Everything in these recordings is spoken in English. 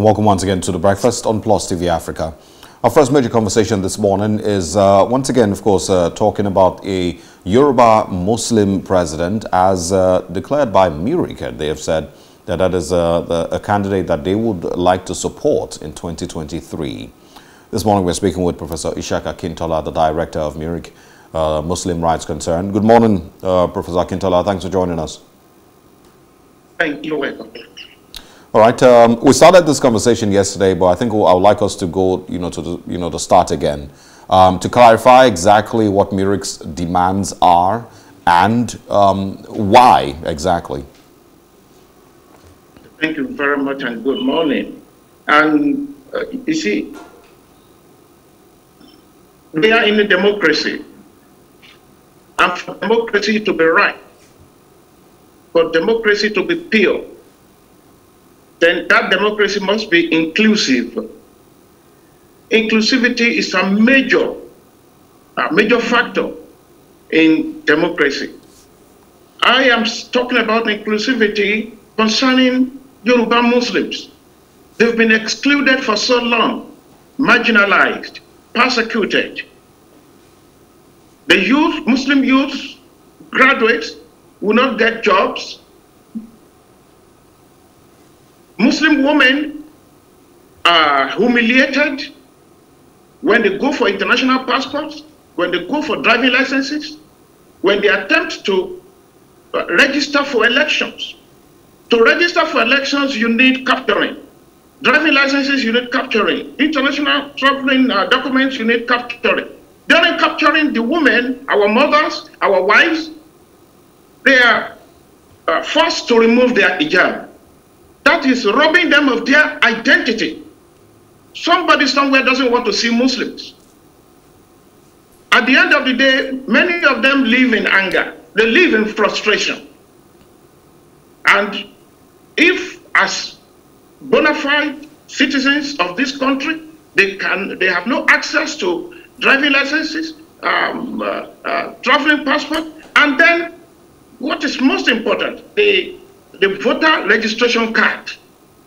and welcome once again to The Breakfast on PLOS TV Africa. Our first major conversation this morning is uh, once again, of course, uh, talking about a Yoruba Muslim president as uh, declared by Mirika. They have said that that is a, uh, a candidate that they would like to support in 2023. This morning we're speaking with Professor Ishaka Kintola, the director of Murik uh, Muslim Rights Concern. Good morning, uh, Professor Kintola. Thanks for joining us. Thank you. Welcome. All right. Um, we started this conversation yesterday, but I think I would like us to go, you know, to the, you know, to start again um, to clarify exactly what Muric's demands are and um, why exactly. Thank you very much, and good morning. And uh, you see, we are in a democracy, and for democracy to be right, for democracy to be pure then that democracy must be inclusive. Inclusivity is a major, a major factor in democracy. I am talking about inclusivity concerning Yoruba Muslims. They've been excluded for so long, marginalized, persecuted. The youth, Muslim youth, graduates will not get jobs, Muslim women are humiliated when they go for international passports, when they go for driving licenses, when they attempt to uh, register for elections. To register for elections, you need capturing. Driving licenses, you need capturing. International traveling uh, documents, you need capturing. During capturing the women, our mothers, our wives, they are uh, forced to remove their hijab. That is robbing them of their identity. Somebody somewhere doesn't want to see Muslims. At the end of the day, many of them live in anger. They live in frustration. And if, as bona fide citizens of this country, they can they have no access to driving licenses, um, uh, uh, traveling passport, and then what is most important, they the voter registration card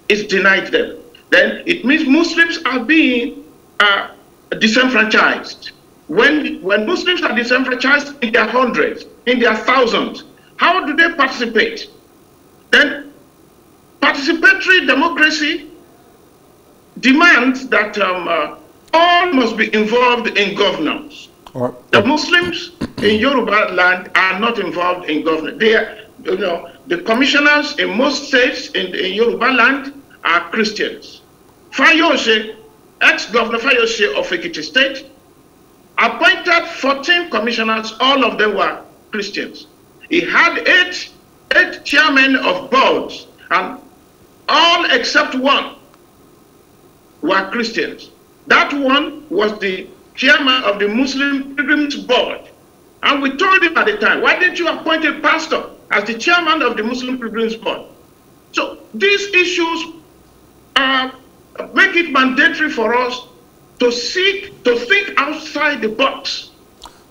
is denied them, then it means Muslims are being uh, disenfranchised. When, when Muslims are disenfranchised in their hundreds, in their thousands, how do they participate? Then participatory democracy demands that um, uh, all must be involved in governance. Or, the Muslims in Yoruba land are not involved in governance. They are, you know, the commissioners in most states in, in Yoruba land are Christians. Fayose, ex-governor Fayose of Ekiti State, appointed 14 commissioners, all of them were Christians. He had eight, eight chairmen of boards, and all except one were Christians. That one was the chairman of the Muslim Pilgrims Board. And we told him at the time, why didn't you appoint a pastor as the chairman of the Muslim Pilgrims Board? So these issues uh, make it mandatory for us to seek, to think outside the box.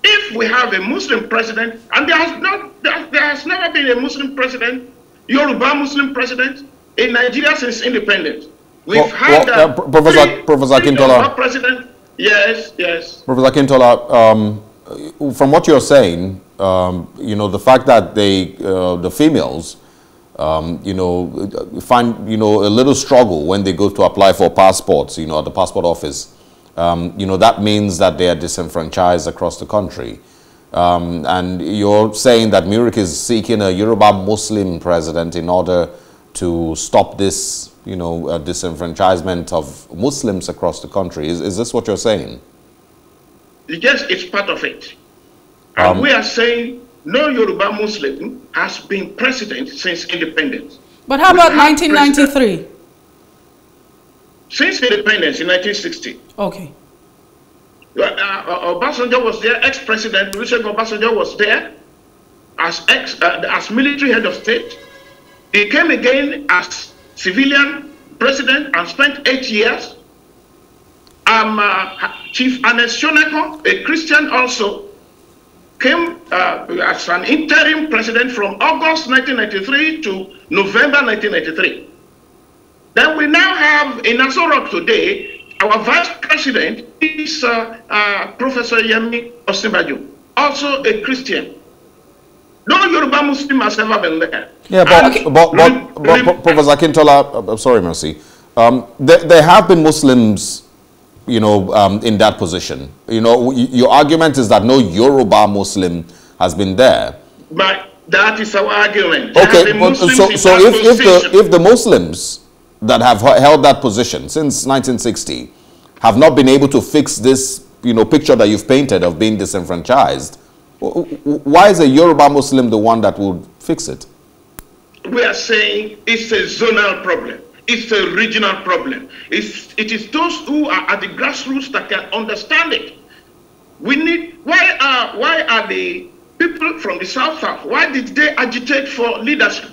If we have a Muslim president, and there has not, there, there has never been a Muslim president, Yoruba Muslim president in Nigeria since independence. We've well, had well, uh, Professor, Professor Kintola. President, yes, yes. Professor Kintola, um, uh, from what you're saying, um, you know, the fact that they, uh, the females, um, you know, find, you know, a little struggle when they go to apply for passports, you know, at the passport office, um, you know, that means that they are disenfranchised across the country. Um, and you're saying that Murik is seeking a Yoruba Muslim president in order to stop this, you know, uh, disenfranchisement of Muslims across the country. Is, is this what you're saying? It just is part of it. Um, and we are saying no Yoruba Muslim has been president since independence. But how we about 1993? Since independence in 1960. Okay. Uh, uh, Obasanjo was there, ex-president Olusegun Obasanjo was there as ex uh, as military head of state. He came again as civilian president and spent eight years um, uh, Chief Anesioneko, a Christian also, came uh, as an interim president from August 1993 to November 1993. Then we now have in Asorok today, our vice president is uh, uh, Professor Yemi Osinbajo, also a Christian. No Yoruba Muslim has ever been there. Yeah, but, okay. but, but, but, but Professor Akintola, I'm sorry, Mercy. Um, there, there have been Muslims you know, um, in that position? You know, your argument is that no Yoruba Muslim has been there. But that is our argument. Okay, but, uh, so, so if, if, the, if the Muslims that have held that position since 1960 have not been able to fix this, you know, picture that you've painted of being disenfranchised, why is a Yoruba Muslim the one that would fix it? We are saying it's a zonal problem. It's a regional problem. It's, it is those who are at the grassroots that can understand it. We need, why are, why are the people from the South South, why did they agitate for leadership?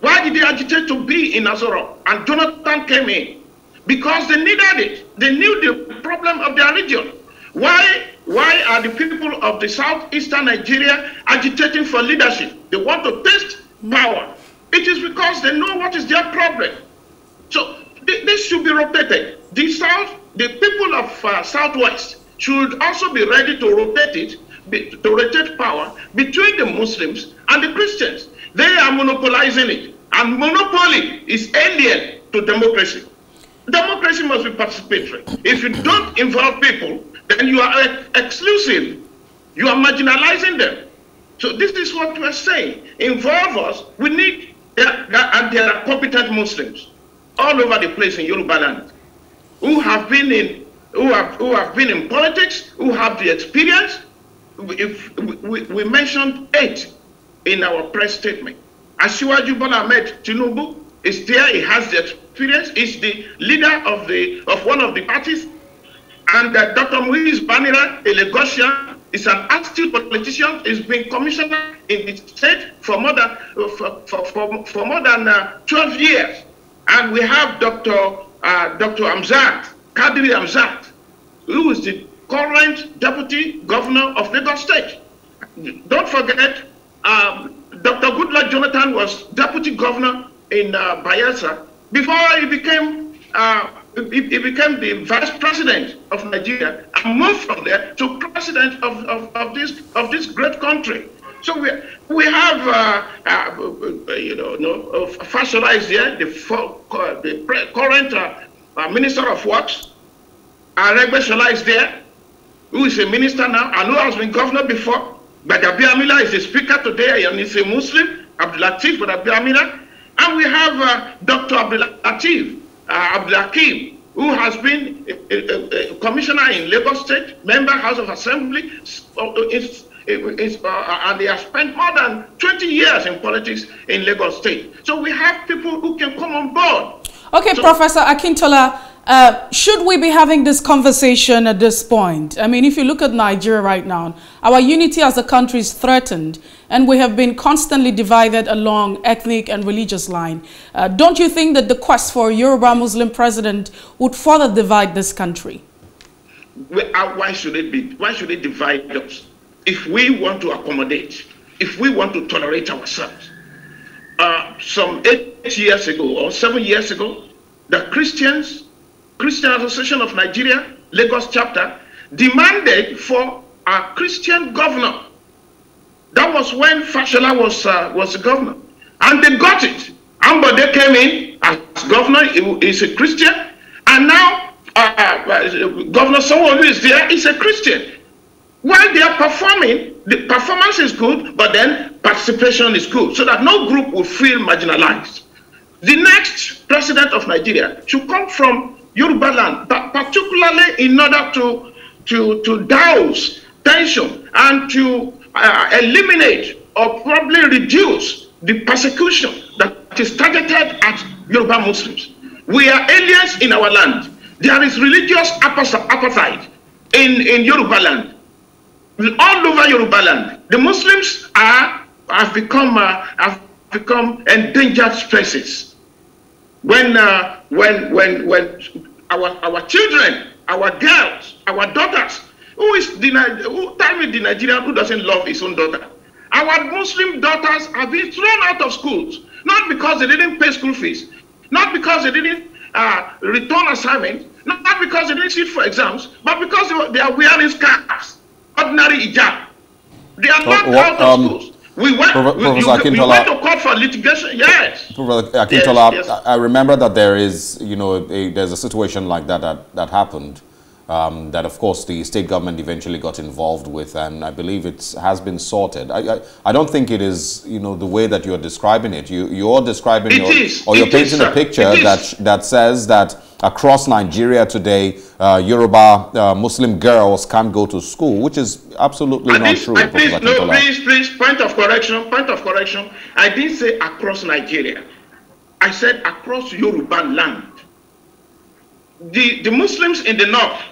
Why did they agitate to be in Azoro? And Jonathan came in because they needed it. They knew the problem of their region. Why, why are the people of the southeastern Nigeria agitating for leadership? They want to taste power. It is because they know what is their problem. So th this should be rotated. The South, the people of uh, Southwest should also be ready to rotate it, be, to rotate power between the Muslims and the Christians. They are monopolizing it. And monopoly is alien to democracy. Democracy must be participatory. If you don't involve people, then you are uh, exclusive. You are marginalizing them. So this is what we're saying. Involve us. We need, and there are competent Muslims all over the place in Yoruba land who have been in who have who have been in politics, who have the experience. If we, we mentioned eight in our press statement. Asiwaju Bola Ahmed Tinubu is there, he has the experience, he's the leader of the of one of the parties. And uh, Dr. Muiz Banira, a Lagosian, is an astute politician, he's been commissioner in the state for more than, for, for, for, for more than uh, 12 years. And we have Dr. Uh, Dr. Amzat, Kadri Amzat, who is the current deputy governor of Lagos State. Don't forget, um, Dr. Goodluck Jonathan was deputy governor in uh, Bayelsa before he became uh, he, he, became the vice president of Nigeria and moved from there to president of, of, of this of this great country. So we, we have, uh, uh, you know, no, uh, fossilized here, the, uh, the current uh, Minister of Works, Aregbeshola is there, who is a minister now, and who has been governor before. Badabi Amila is the speaker today, and he's a Muslim, Abdulatif Badabi Amila. And we have uh, Dr. Abdulatif uh, Abdulakim, who has been a, a, a commissioner in Lagos State, member House of Assembly, uh, uh, it, uh, uh, and they have spent more than 20 years in politics in Lagos State. So we have people who can come on board. Okay, so Professor Akintola, uh, should we be having this conversation at this point? I mean, if you look at Nigeria right now, our unity as a country is threatened, and we have been constantly divided along ethnic and religious line. Uh, don't you think that the quest for a Yoruba Muslim president would further divide this country? Uh, why should it be? Why should it divide us? if we want to accommodate, if we want to tolerate ourselves, uh, some eight years ago or seven years ago, the Christians, Christian Association of Nigeria, Lagos chapter, demanded for a Christian governor. That was when Fashola was, uh, was governor. And they got it. Ambode came in as governor, he, he's a Christian. And now uh, uh Governor Sowolu is there, he's a Christian. While they are performing, the performance is good, but then participation is good, so that no group will feel marginalized. The next president of Nigeria should come from Yoruba land, but particularly in order to, to, to douse tension and to uh, eliminate or probably reduce the persecution that is targeted at Yoruba Muslims. We are aliens in our land. There is religious apartheid in, in Yoruba land. all over Yoruba land. The Muslims are have become uh, have become endangered species. When uh, when when when our our children, our girls, our daughters, who is the who, tell me the Nigerian who doesn't love his own daughter? Our Muslim daughters are being thrown out of schools not because they didn't pay school fees, not because they didn't uh, return assignments, not because they didn't sit for exams, but because they are wearing scarves. ordinary hijab. They are not out of um, schools. We went, Prof. we, Professor you, we went to court for litigation. Yes. Professor Akintola, yes, yes. I, I remember that there is, you know, a, there's a situation like that that, that happened. Um, that of course the state government eventually got involved with, and I believe it has been sorted. I, I, I, don't think it is you know the way that you're describing it. You you're describing it your, is, or you're painting is, a picture that that says that across Nigeria today, uh, Yoruba uh, Muslim girls can't go to school, which is absolutely not true. please, no, please, please, point of correction, point of correction. I didn't say across Nigeria. I said across Yoruba land. The, the Muslims in the north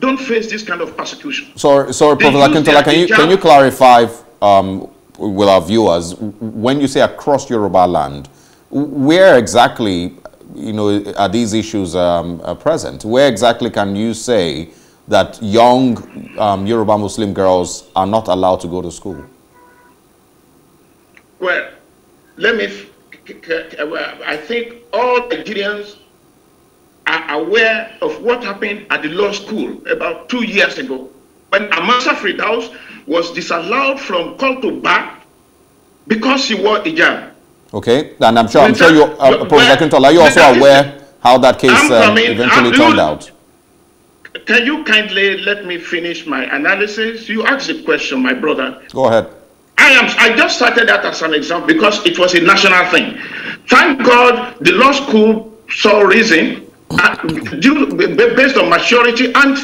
don't face this kind of persecution. Sorry, sorry, Professor Akintola, can you, can you clarify um, with our viewers, when you say across Yoruba land, where exactly you know, are these issues um, are present? Where exactly can you say that young um, Yoruba Muslim girls are not allowed to go to school? Well, let me. Uh, I think all Nigerians are aware of what happened at the law school about two years ago when Amasa Fridaus was disallowed from call to back because she wore hijab. Okay, and I'm sure, I'm sure you, uh, Professor Quintola, you also aware how that case um, eventually turned out. Can you kindly let me finish my analysis? You asked the question, my brother. Go ahead. I am. I just started that as an example because it was a national thing. Thank God the law school saw reason uh, due, based on maturity, and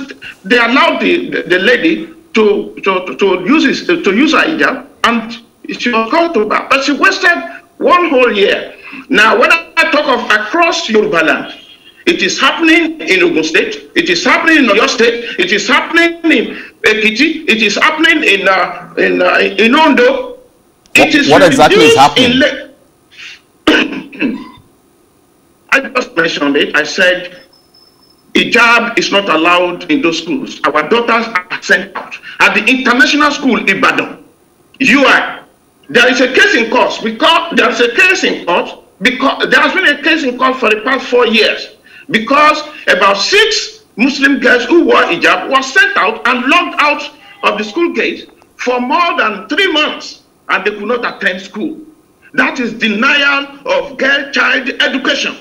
they allowed the, the, the lady to to, to use his, to use her hijab, and she was called but she wasted one whole year. Now, when I talk of across Yoruba land, it is happening in Ogun State. It is happening in Oyo State. It is happening in Ekiti. It is happening in uh, in uh, in Ondo. It is what exactly is happening? I just mentioned it. I said hijab is not allowed in those schools. Our daughters are sent out. At the international school, Ibadan, you are there is a case in court because there is a case in court because there has been a case in court for the past four years because about six Muslim girls who wore hijab were sent out and locked out of the school gate for more than three months and they could not attend school. That is denial of girl child education.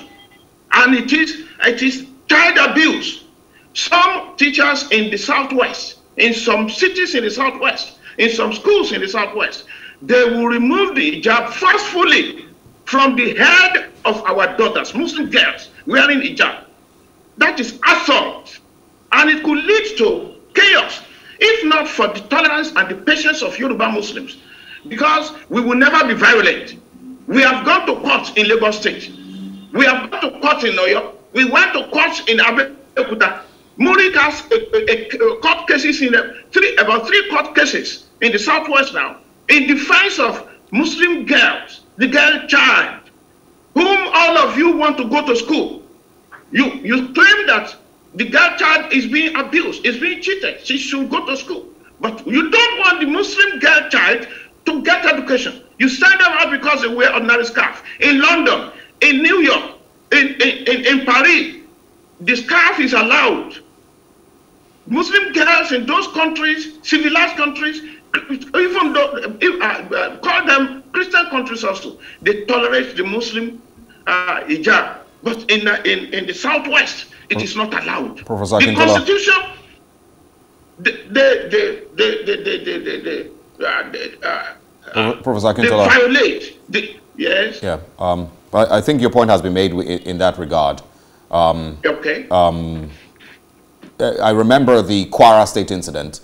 And it is, it is child abuse. Some teachers in the Southwest, in some cities in the Southwest, in some schools in the Southwest, they will remove the hijab forcefully from the head of our daughters, Muslim girls, wearing hijab. That is assault. And it could lead to chaos, if not for the tolerance and the patience of Yoruba Muslims. Because we will never be violent. We have gone to court in Lagos State. We have gone to court in Oyo. We went to court in Abeokuta. Murik has a, a, a court cases in the three, about three court cases in the southwest now in defense of Muslim girls, the girl child, whom all of you want to go to school. You, you claim that the girl child is being abused, is being cheated. She should go to school. But you don't want the Muslim girl child to get education. You send them out because they wear ordinary scarf. In London, in New York, in, in, in, in Paris, the scarf is allowed. Muslim girls in those countries, civilized countries, even though if I uh, uh, call them Christian countries also, they tolerate the Muslim uh, hijab, but in uh, in in the southwest it is not allowed. Professor the Kintola. constitution, the the the the the the, the, the, uh, the uh, uh Professor Kintola. They violate the yes. Yeah. Um. I, I think your point has been made in that regard. Um, okay. Um, I remember the Kwara State incident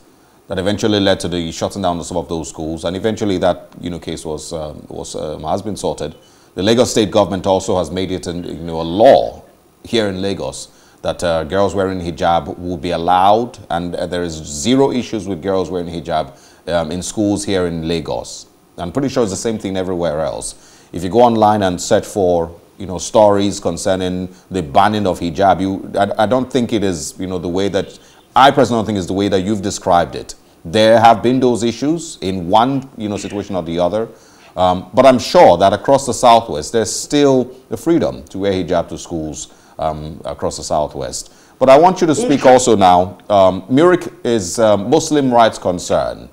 that eventually led to the shutting down of some of those schools. And eventually that you know, case was, um, was, um, has been sorted. The Lagos state government also has made it you know, a law here in Lagos that uh, girls wearing hijab will be allowed and uh, there is zero issues with girls wearing hijab um, in schools here in Lagos. I'm pretty sure it's the same thing everywhere else. If you go online and search for you know, stories concerning the banning of hijab, you, I, I don't think it is you know, the way that I personally don't think is the way that you've described it. There have been those issues in one you know, situation or the other. Um, but I'm sure that across the Southwest, there's still the freedom to wear hijab to schools um, across the Southwest. But I want you to speak also now. Um, Murik is a um, Muslim rights concern.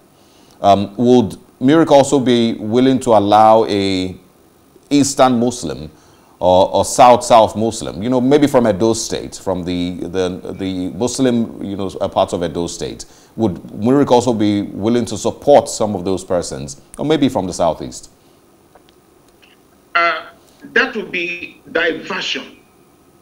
Um, would Murik also be willing to allow a Eastern Muslim or, or South South Muslim, you know, maybe from Edo State, from the, the, the Muslim, you know, uh, parts of Edo State, would Murik also be willing to support some of those persons, or maybe from the Southeast? Uh, that would be diversion.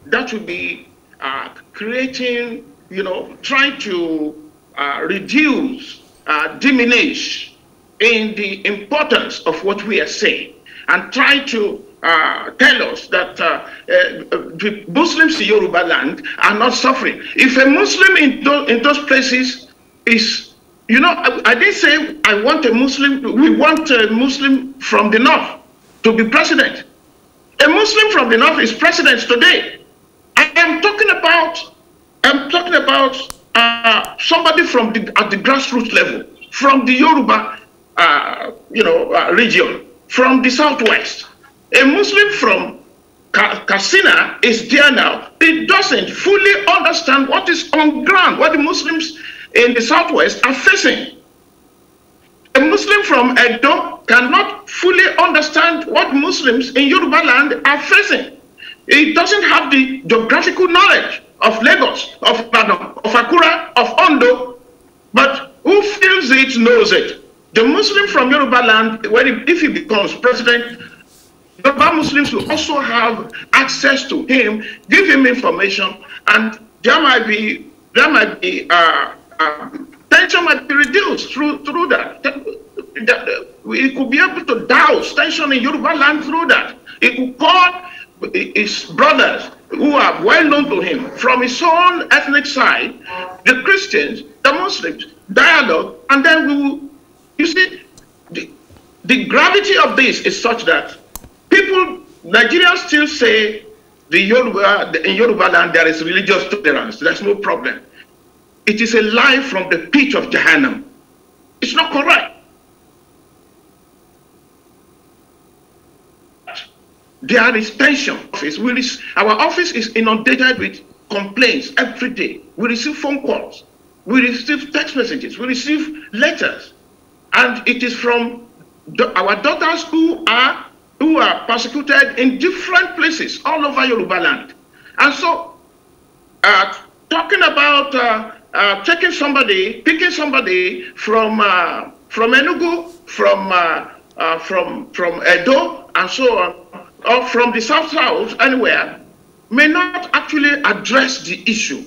That would be uh, creating, you know, trying to uh, reduce, uh, diminish in the importance of what we are saying and try to uh, tell us that uh, uh, the Muslims in Yoruba land are not suffering. If a Muslim in, tho in those places is, you know, I, I didn't say I want a Muslim, we want a Muslim from the north to be president. A Muslim from the north is president today. I am talking about, I'm talking about uh, somebody from the, at the grassroots level, from the Yoruba, uh, you know, uh, region, from the southwest. A Muslim from Kasina is there now. It doesn't fully understand what is on ground, what the Muslims in the Southwest are facing. A Muslim from Edo cannot fully understand what Muslims in Yoruba land are facing. It doesn't have the geographical knowledge of Lagos, of Badon, of Akura, of Ondo, but who feels it knows it. The Muslim from Yoruba land, when he, if he becomes president, the Muslims will also have access to him, give him information, and there might be there might be uh, uh, tension might be reduced through through that. It could be able to douse tension in Yoruba land through that. It could call his brothers who are well known to him from his own ethnic side, the Christians, the Muslims, dialogue, and then we will, you see, the, the gravity of this is such that People, Nigerians still say the Yoruba, in Yoruba land there is religious tolerance. There's no problem. It is a lie from the pit of Jahannam. It's not correct. There is tension. our office is inundated with complaints every day. We receive phone calls. We receive text messages. We receive letters. And it is from the, our daughter's who are who are persecuted in different places all over Yoruba land. And so, uh, talking about uh, uh, taking somebody, picking somebody from uh, from Enugu, from uh, uh, from from Edo, and so on, or from the south south anywhere, may not actually address the issue.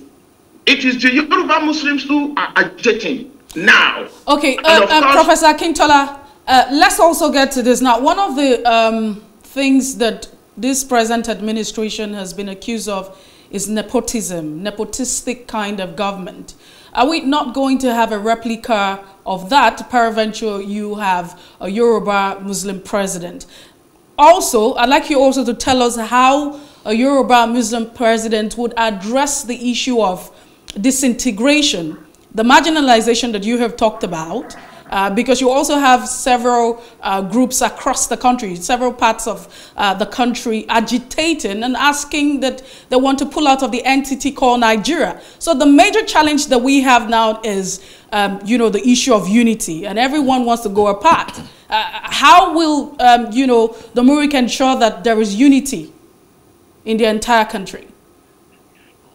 It is the Yoruba Muslims who are agitating now. Okay, uh, course, Professor Kintola. Uh, let's also get to this now. One of the um, things that this present administration has been accused of is nepotism, nepotistic kind of government. Are we not going to have a replica of that? Peradventure, you have a Yoruba Muslim president. Also, I'd like you also to tell us how a Yoruba Muslim president would address the issue of disintegration, the marginalization that you have talked about, uh, because you also have several uh, groups across the country, several parts of uh, the country agitating and asking that they want to pull out of the entity called Nigeria. So the major challenge that we have now is, um, you know, the issue of unity, and everyone wants to go apart. Uh, how will, um, you know, the Murik ensure that there is unity in the entire country?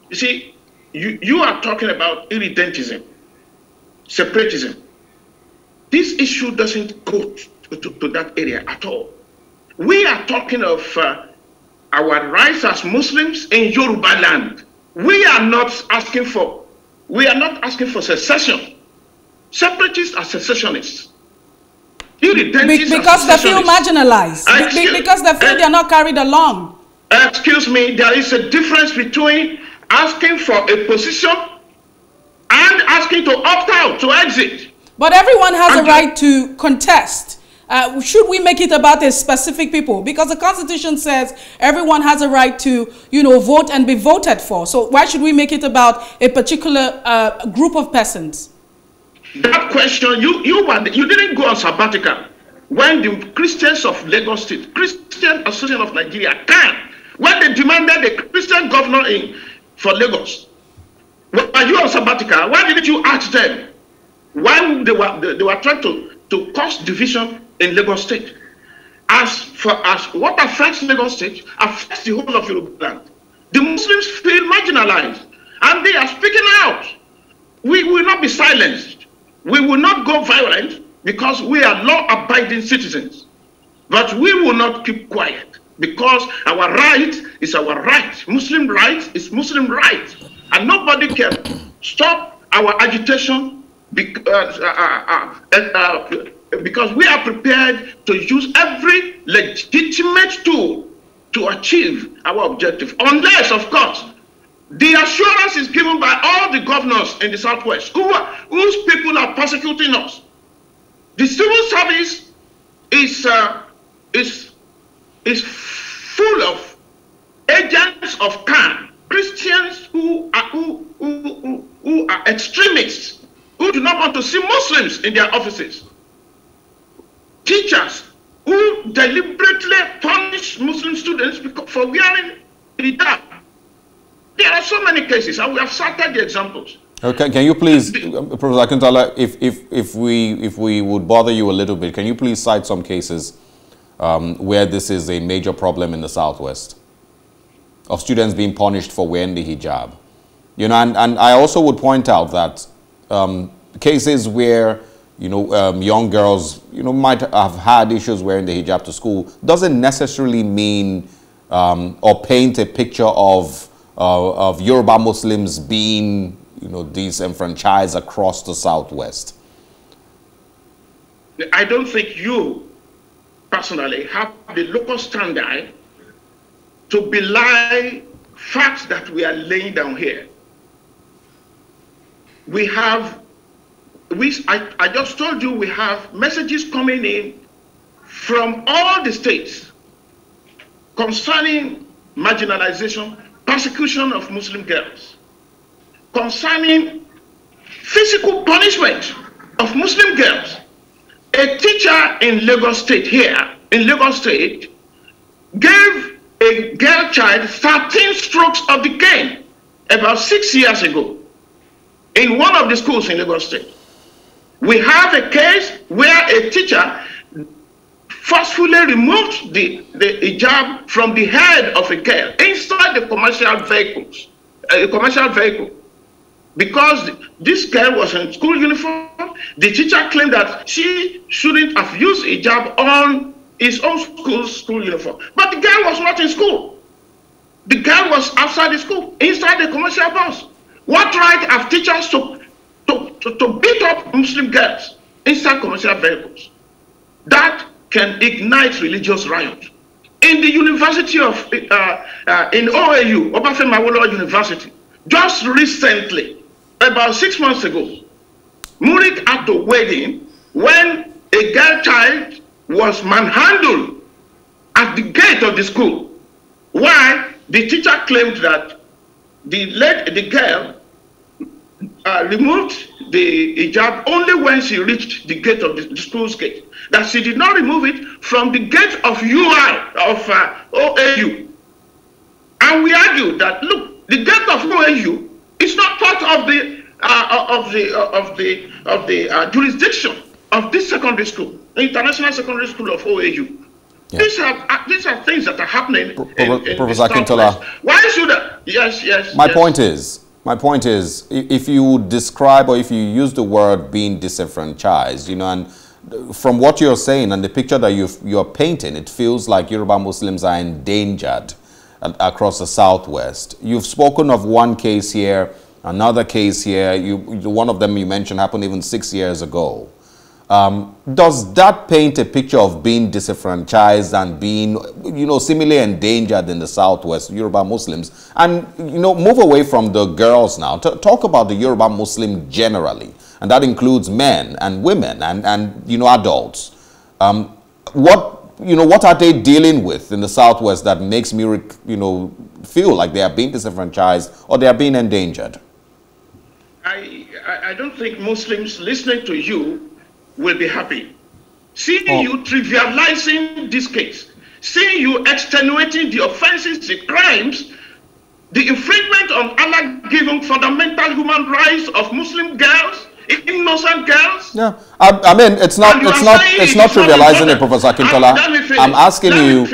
You see, you, you are talking about irredentism, separatism. This issue doesn't go to, to, to that area at all. We are talking of uh, our rights as Muslims in Yoruba land. We are not asking for, we are not asking for secession. Separatists are secessionists. Be because they feel marginalized. Excuse, Be because they feel they are not carried along. Excuse me, there is a difference between asking for a position and asking to opt out, to exit. But everyone has and a right to contest. Uh, should we make it about a specific people? Because the Constitution says everyone has a right to, you know, vote and be voted for. So why should we make it about a particular uh, group of persons? That question, you you were you didn't go on sabbatical when the Christians of Lagos State, Christian Association of Nigeria, can when they demanded a Christian governor in for Lagos. Were you on sabbatical? Why didn't you ask them? when they were they, were trying to to cause division in Lagos State. As for as what affects Lagos State affects the whole of Europe land. The Muslims feel marginalized, and they are speaking out. We will not be silenced. We will not go violent because we are law-abiding citizens. But we will not keep quiet because our right is our right. Muslim right is Muslim right. And nobody can stop our agitation because, uh, uh, because we are prepared to use every legitimate tool to achieve our objective. Unless, of course, the assurance is given by all the governors in the Southwest who are, whose people are persecuting us. The civil service is, uh, is, is full of agents of Khan, Christians who are, who, who, who are extremists who do not want to see Muslims in their offices. Teachers who deliberately punish Muslim students for wearing hijab. There are so many cases, and we have cited the examples. Okay, uh, can you please, um, Professor Akintala, if, if, if, we, if we would bother you a little bit, can you please cite some cases um, where this is a major problem in the Southwest of students being punished for wearing the hijab? You know, and, and I also would point out that um, cases where you know, um, young girls, you know, might have had issues wearing the hijab to school doesn't necessarily mean um, or paint a picture of uh, of Yoruba Muslims being, you know, disenfranchised across the Southwest. I don't think you personally have the local standard to belie facts that we are laying down here we have, we, I, I just told you we have messages coming in from all the states concerning marginalization, persecution of Muslim girls, concerning physical punishment of Muslim girls. A teacher in Lagos State here, in Lagos State, gave a girl child 13 strokes of the cane about six years ago in one of the schools in Lagos State. We have a case where a teacher forcefully removed the, the hijab from the head of a girl inside the commercial vehicles, a uh, commercial vehicle. Because this girl was in school uniform, the teacher claimed that she shouldn't have used hijab on his own school, school uniform. But the girl was not in school. The girl was outside the school, inside the commercial bus. What right have teachers to, to, to, to beat up Muslim girls inside commercial vehicles? That can ignite religious riots In the University of, uh, uh, in OAU, Obafemi Awolowo University, just recently, about six months ago, Murik at a wedding when a girl child was manhandled at the gate of the school. Why? The teacher claimed that the, the girl uh, removed the hijab only when she reached the gate of the, the, school's gate. That she did not remove it from the gate of UI, of uh, OAU. And we argue that, look, the gate of OAU is not part of the, uh, of the, uh, of the, of the uh, jurisdiction of this secondary school, the International Secondary School of OAU. Yeah. These are uh, these are things that are happening. Pro in, in Professor Akintola. Why should I? Yes, yes. My yes. point is, my point is, if you describe or if you use the word being disenfranchised, you know, and uh, from what you're saying and the picture that you you're painting, it feels like Yoruba Muslims are endangered across the southwest. You've spoken of one case here, another case here. You, one of them you mentioned happened even six years ago. Um, does that paint a picture of being disenfranchised and being, you know, similarly endangered in the Southwest, Yoruba Muslims? And, you know, move away from the girls now. T talk about the Yoruba Muslim generally, and that includes men and women and, and you know, adults. Um, what, you know, what are they dealing with in the Southwest that makes me, you know, feel like they are being disenfranchised or they are being endangered? I, I don't think Muslims listening to you will be happy. Seeing oh. you trivializing this case, seeing you extenuating the offenses, the crimes, the infringement on Allah-given fundamental human rights of Muslim girls, innocent girls. Yeah, I, I mean, it's not, it's not, it's not trivializing it, Professor Kintola. I'm asking you,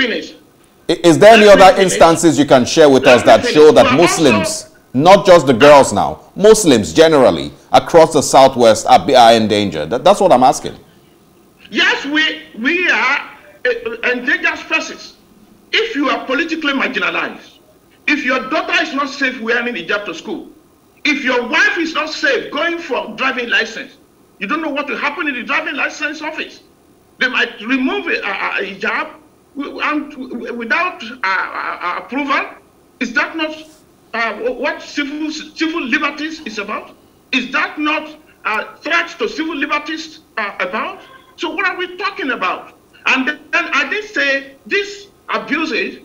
is there let any other instances you can share with let us that show that Muslims? Not just the girls now. Muslims generally across the southwest are, are in danger. That, that's what I'm asking. Yes, we, we are eh, eh, endangered species. If you are politically marginalized, if your daughter is not safe wearing hijab to school, if your wife is not safe going for driving license, you don't know what will happen in the driving license office. They might remove a, a, a hijab without uh, uh, approval. Is that not uh, what civil, civil liberties is about? Is that not uh, threats to civil liberties uh, about? So what are we talking about? And then I did say these abuses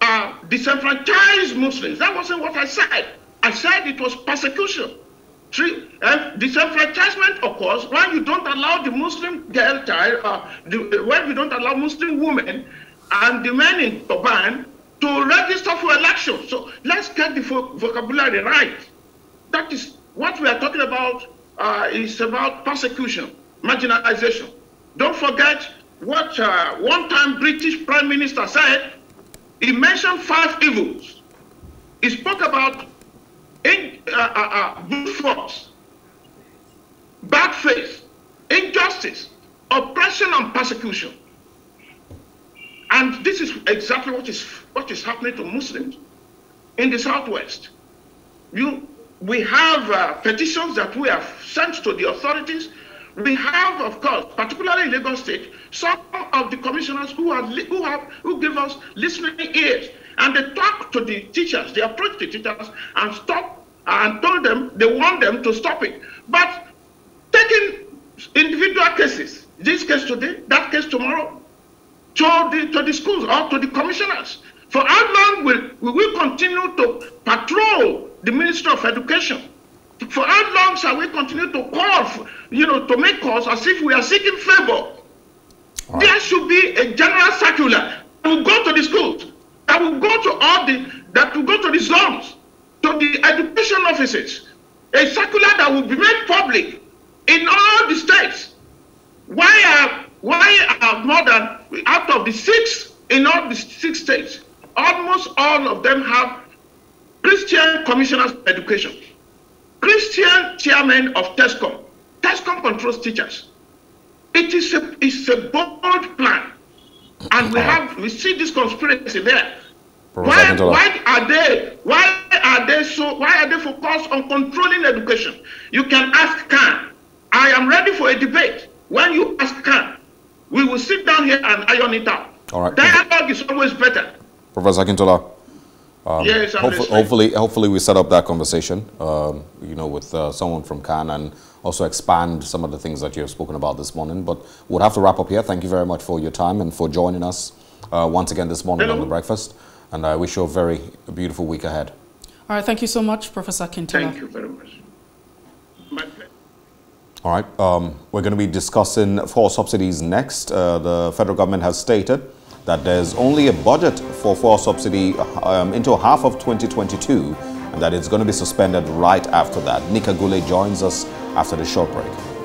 uh, disenfranchised Muslims. That wasn't what I said. I said it was persecution. Three, uh, disenfranchisement occurs when you don't allow the Muslim girl child, uh, the, when you don't allow Muslim women and the men in turban to register for election. So let's get the vocabulary right. That is what we are talking about uh, is about persecution, marginalization. Don't forget what uh, one time British Prime Minister said. He mentioned five evils. He spoke about in, uh, uh, brute uh, force, bad faith, injustice, oppression and persecution. And this is exactly what is what is happening to Muslims in the southwest. You, we have uh, petitions that we have sent to the authorities. We have, of course, particularly in Lagos State, some of the commissioners who who have who give us listening ears, and they talk to the teachers. They approach the teachers and stop and told them they want them to stop it. But taking individual cases, this case today, that case tomorrow, to the to the schools or to the commissioners. For how long will, will we continue to patrol the Minister of Education? For how long shall we continue to call, for, you know, to make calls as if we are seeking favor? Right. There should be a general circular that will go to the schools, that will go to all the, that will go to the zones, to the education offices, a circular that will be made public in all the states. Why are why are more than out of the six in all the six states, almost all of them have Christian commissioners of education, Christian chairman of TESCOM. TESCOM controls teachers. It is a, it's a bold plan. And we have we see this conspiracy there. Why, why are they why are they so why are they focused on controlling education? You can ask Khan. I am ready for a debate. When you ask Khan, We will sit down here and iron it out. All right. Dialogue is always better. Professor Akintola. Um, yes, hopefully, hopefully, hopefully, we set up that conversation, um, you know, with uh, someone from Cannes and also expand some of the things that you have spoken about this morning. But we'll have to wrap up here. Thank you very much for your time and for joining us uh, once again this morning Hello. on The Breakfast. And I wish you a very beautiful week ahead. All right. Thank you so much, Professor Kintola. Thank you very much. All right, um, we're going to be discussing four subsidies next. Uh, the federal government has stated that there's only a budget for four subsidy um, into half of 2022 and that it's going to be suspended right after that. Nika Gule joins us after the short break.